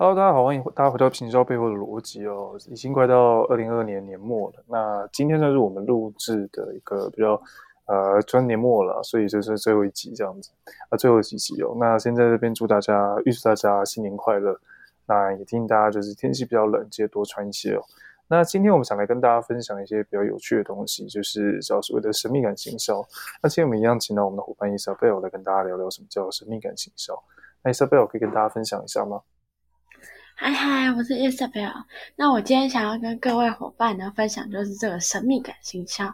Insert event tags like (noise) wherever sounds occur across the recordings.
Hello，大家好，歡迎大家回到《行銷背後的邏輯》哦。已經快到二零二二年年末了，那今天算是我們錄製的一個比較呃，專年末了，所以就是最後一集這樣子啊、呃，最後一集哦。那先在，在這邊祝大家預祝大家新年快樂，那也提醒大家就是天氣比較冷，記得多穿一些哦。那今天我們想來跟大家分享一些比較有趣的東西，就是叫所謂的神秘感行銷。那今天我們一樣請到我們的夥伴伊莎貝爾來跟大家聊聊什麼叫神秘感行銷。那伊莎貝爾可以跟大家分享一下嗎？嗨嗨，Hi, 我是伊莎貝爾。那我今天想要跟各位夥伴呢分享就是這個神秘感行銷。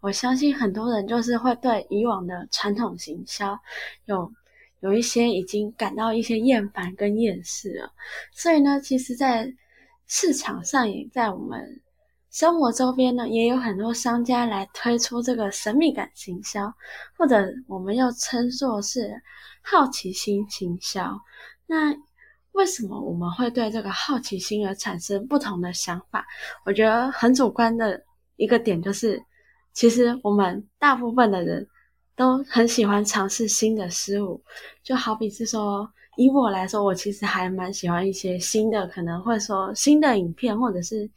我相信很多人就是會對以往的傳統行銷有有一些已經感到一些厭煩跟厭世了。所以呢，其實，在市場上也，在我們生活周邊呢，也有很多商家來推出這個神秘感行銷，或者我們又稱作是好奇心行銷。那為什麼我們會對這個好奇心而產生不同的想法？我覺得很主觀的一個點就是，其實我們大部分的人都很喜歡嘗試新的事物。就好比是說，以我來說，我其實還蠻喜歡一些新的，可能會說新的影片，或者是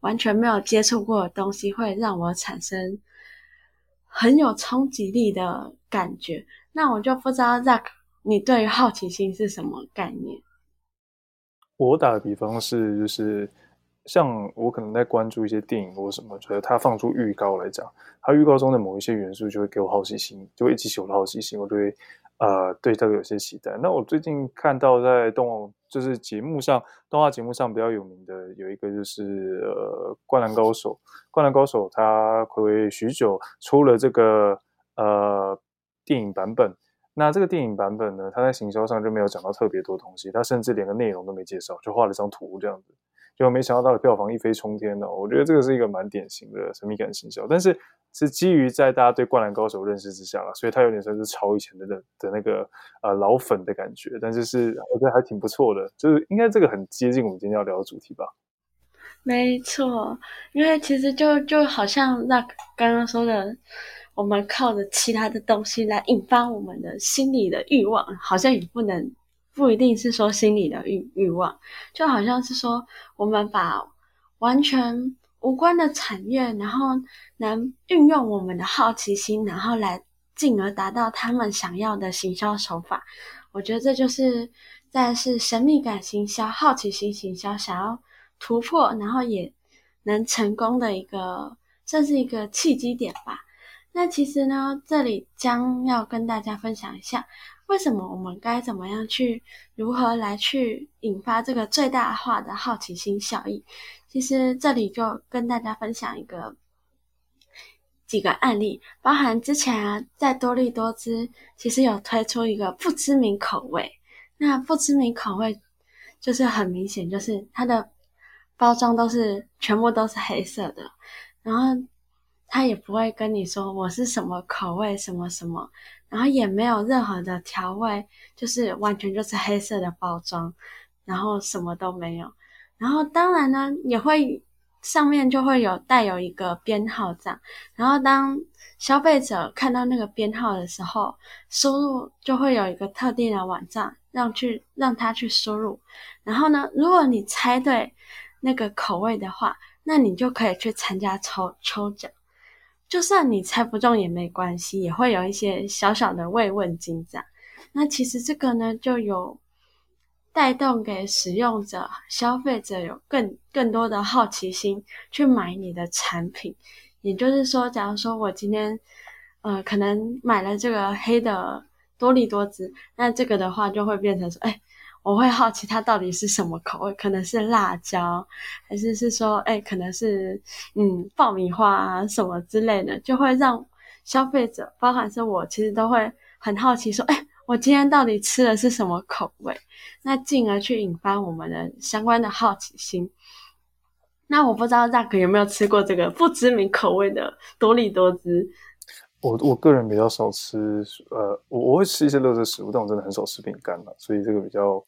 完全沒有接觸過的東西，會讓我產生很有衝擊力的感覺。那我就不知道 Zack，你對於好奇心是什麼概念？我打的比方是，就是像我可能在關注一些電影或什麼，覺得它放出預告來講，它預告中的某一些元素就會給我好奇心，就會激起我的好奇心，我就會呃對這個有些期待。那我最近看到在動畫，就是節目上，動畫節目上比較有名的有一個就是呃《灌籃高手》，《灌籃高手》他暌違許久，出了這個呃電影版本。那這個電影版本呢，它在行銷上就沒有講到特別多東西，它甚至連個內容都沒介紹，就畫了一張圖這樣子。結果沒想到它的票房一飛沖天呢、哦。我覺得這個是一個蠻典型的神秘感的行銷，但是是基於在大家對《灌籃高手》認識之下嘛，所以它有點像是超以前的的的那個、呃、老粉的感覺。但是是我覺得還挺不錯的，就是應該這個很接近我們今天要聊的主題吧。沒錯，因為其實就就好像那剛剛說的。我們靠着其他的東西來引發我們的心理的慾望，好像也不能，不一定是說心理的欲慾望，就好像是說我們把完全無關的產業，然後能運用我們的好奇心，然後來進而達到他們想要的行銷手法。我覺得這就是但是神秘感行銷、好奇心行銷，想要突破，然後也能成功的一個，算是一個契機點吧。那其實呢，這裡將要跟大家分享一下，為什麼我們該怎麼樣去如何來去引發這個最大化的好奇心效應。其實這裡就跟大家分享一個幾個案例，包含之前啊在多力多滋其實有推出一個不知名口味。那不知名口味就是很明顯，就是它的包裝都是全部都是黑色的，然後。他也不會跟你說我是什麼口味，什麼什麼，然後也沒有任何的調味，就是完全就是黑色的包裝，然後什麼都沒有。然後當然呢，也會上面就會有帶有一個編號這樣，然後當消費者看到那個編號的時候，輸入就會有一個特定的網站讓去讓他去輸入。然後呢，如果你猜對那個口味的話，那你就可以去參加抽抽獎。就算你猜不中也沒關係，也會有一些小小的慰問金獎。那其實這個呢，就有帶動給使用者、消費者有更更多的好奇心去買你的產品。也就是說，假如說我今天，呃，可能買了這個黑的多力多滋，那這個的話就會變成說，哎、欸。我會好奇它到底是什麼口味，可能是辣椒，還是是說，誒、欸、可能是嗯爆米花啊，什麼之類的，就會讓消費者，包括是我，其實都會很好奇，說，誒、欸、我今天到底吃的是什麼口味？那進而去引發我們的相關的好奇心。那我不知道大 a 有沒有吃過這個不知名口味的多力多滋。我我個人比較少吃，呃，我我會吃一些垃圾食物，但我真的很少吃餅乾了，所以這個比較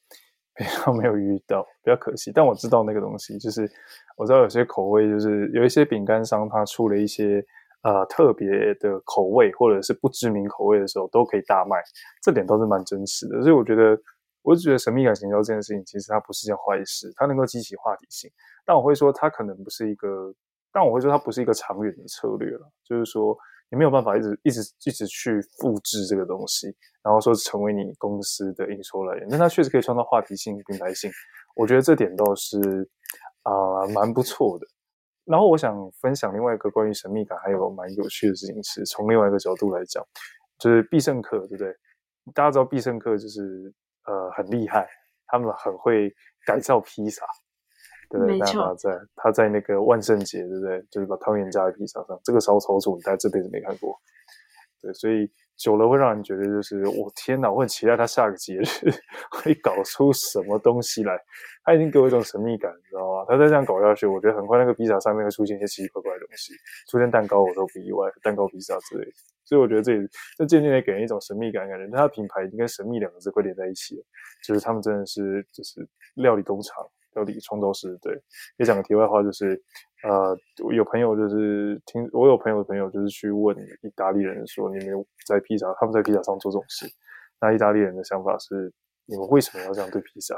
比較沒有遇到，比較可惜。但我知道那個東西，就是我知道有些口味，就是有一些餅乾商他出了一些呃特別的口味或者是不知名口味的時候，都可以大賣，這點倒是蠻真實的。所以我覺得，我就覺得神秘感行銷這件事情，其實它不是件壞事，它能夠激起話題性。但我會說，它可能不是一個，但我會說它不是一個長遠的策略了，就是說。也沒有辦法一直一直一直去複製這個東西，然後說成為你公司的營收來源，但它確實可以創造話題性、品牌性。我覺得這點倒是啊、呃、蠻不錯的。然後我想分享另外一個關於神秘感還有蠻有趣的事情，是從另外一個角度來講，就是必勝客，對不對？大家知道必勝客就是呃很厲害，他們很會改造披薩。對，沒錯，他在他在那個萬聖節，對不對？就是把湯圓加在披薩上，這個騷操作，大家這輩子沒看過。對，所以久了會讓人覺得，就是我、哦、天哪，我很期待他下個節日會搞出什麼東西來。他已經給我一種神秘感，你知道嗎？他再這樣搞下去，我覺得很快那個披薩上面會出現一些奇奇怪怪的東西，出現蛋糕我都不意外，蛋糕披薩之類的。所以我覺得這也這漸漸的給人一種神秘感，感覺但他的品牌已經跟神秘兩個字會連在一起了。就是他們真的是就是料理工廠。有理創造史，對。也講個題外話，就是，呃，有朋友就是聽我有朋友的朋友，就是去問意大利人說：“你們在披薩，他們在披薩上做這種事。”那意大利人的想法是：“你們為什麼要這樣對披薩？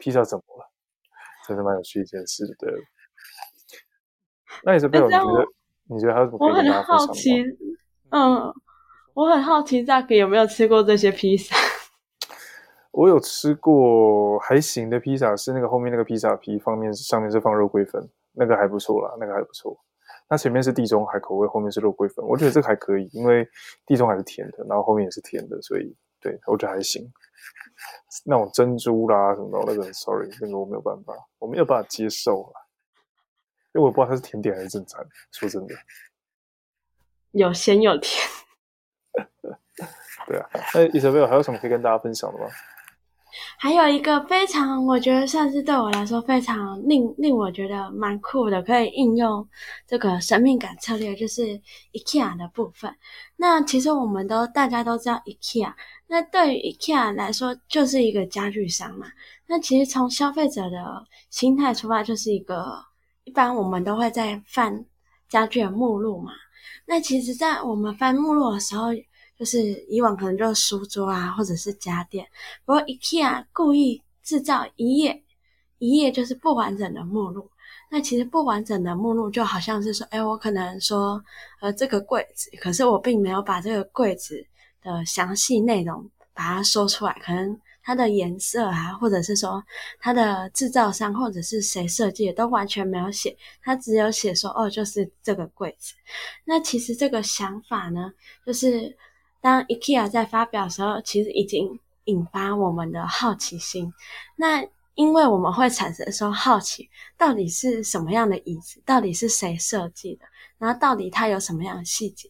披薩怎麼了？”真的蠻有趣一件事，對。是我那你的朋友覺得？很好奇你覺得他，有什麼他？我很好奇，嗯，我很好奇 Jack 有沒有吃過這些披薩？我有吃過還行的披薩，是那個後面那個披薩皮方面上面是放肉桂粉，那個還不錯啦，那個還不錯。那前面是地中海口味，後面是肉桂粉，我覺得這個還可以，因為地中海是甜的，然後後面也是甜的，所以對我覺得還行。那種珍珠啦，什麼的，那個 sorry，那個我沒有辦法，我沒有辦法接受啊，因為我不知道它是甜點還是正餐。說真的，有鹹有甜。 (laughs) 對啊，那 Isabel，還有什麼可以跟大家分享的嗎？還有一個非常，我覺得算是對我來說非常令令我覺得蠻酷的，可以應用這個神秘感策略，就是 IKEA 的部分。那其實我們都大家都知道 IKEA，那對於 IKEA 來說就是一個家具商嘛。那其實從消費者的心態出發，就是一個一般我們都會在翻家具的目錄嘛。那其實在我們翻目錄的時候。就是以往可能就是書桌啊，或者是家電，不過 IKEA 故意製造一頁，一頁就是不完整的目錄。那其實不完整的目錄就好像是說，哎、欸，我可能說，呃，這個櫃子，可是我並沒有把這個櫃子的詳細內容把它說出來，可能它的顏色啊，或者是說它的製造商或者是誰設計都完全沒有寫，它只有寫說，哦，就是這個櫃子。那其實這個想法呢，就是。當 IKEA 在發表的時候，其實已經引發我們的好奇心。那因為我們會產生說好奇，到底是什麼樣的椅子，到底是誰設計的，然後到底它有什麼樣的細節，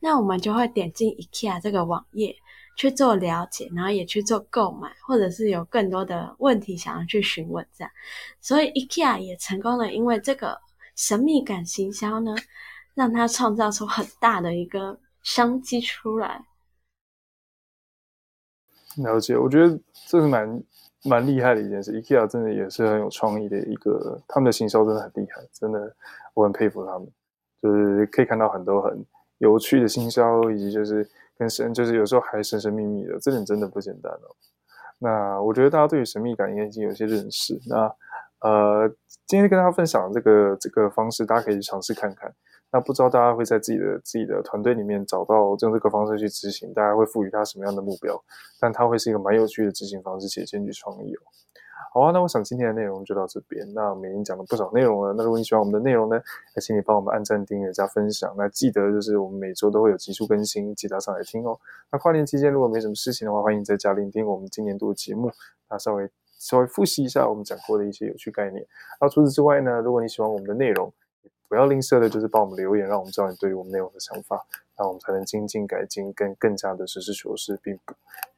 那我們就會點進 IKEA 這個網頁去做了解，然後也去做購買，或者是有更多的問題想要去詢問這樣。所以 IKEA 也成功了，因為這個神秘感行銷呢，讓它創造出很大的一個商機出來。了解，我覺得這是蠻蠻厲害的一件事。IKEA 真的也是很有創意的一個，他們的行銷真的很厲害，真的我很佩服他們。就是可以看到很多很有趣的行銷，以及就是跟神，就是有時候還神神秘秘的，這點真的不簡單哦。那我覺得大家對於神秘感應該已經有些認識。那呃，今天跟大家分享這個這個方式，大家可以去嘗試看看。那不知道大家會在自己的自己的團隊裡面找到用這個方式去執行，大家會賦予他什麼樣的目標？但他會是一個蠻有趣的執行方式，且兼具創意哦。好啊，那我想今天的內容就到這邊。那我們已經講了不少內容了。那如果你喜歡我們的內容呢，也請你幫我們按讚、訂閱、加分享。那記得就是我們每週都會有極速更新，記得上來聽哦。那跨年期間如果沒什麼事情的話，歡迎在家聆聽我們今年度的節目。那稍微稍微複習一下我們講過的一些有趣概念。那除此之外呢，如果你喜歡我們的內容，不要吝嗇的，就是幫我們留言，讓我們知道你對於我們內容的想法，那我們才能精進改進，跟更加的實事求是，並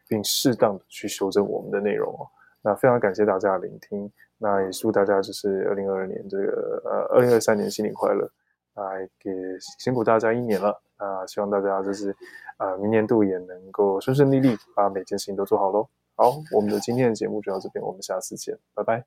並適當的去修正我們的內容哦。那非常感謝大家的聆聽，那也祝大家就是二零二二年這個呃二零二三年新年快樂！來也辛苦大家一年了，啊，希望大家就是啊、呃、明年度也能夠順順利利，把每件事情都做好嘍。好，我們的今天的節目就到這邊，我們下次見，拜拜。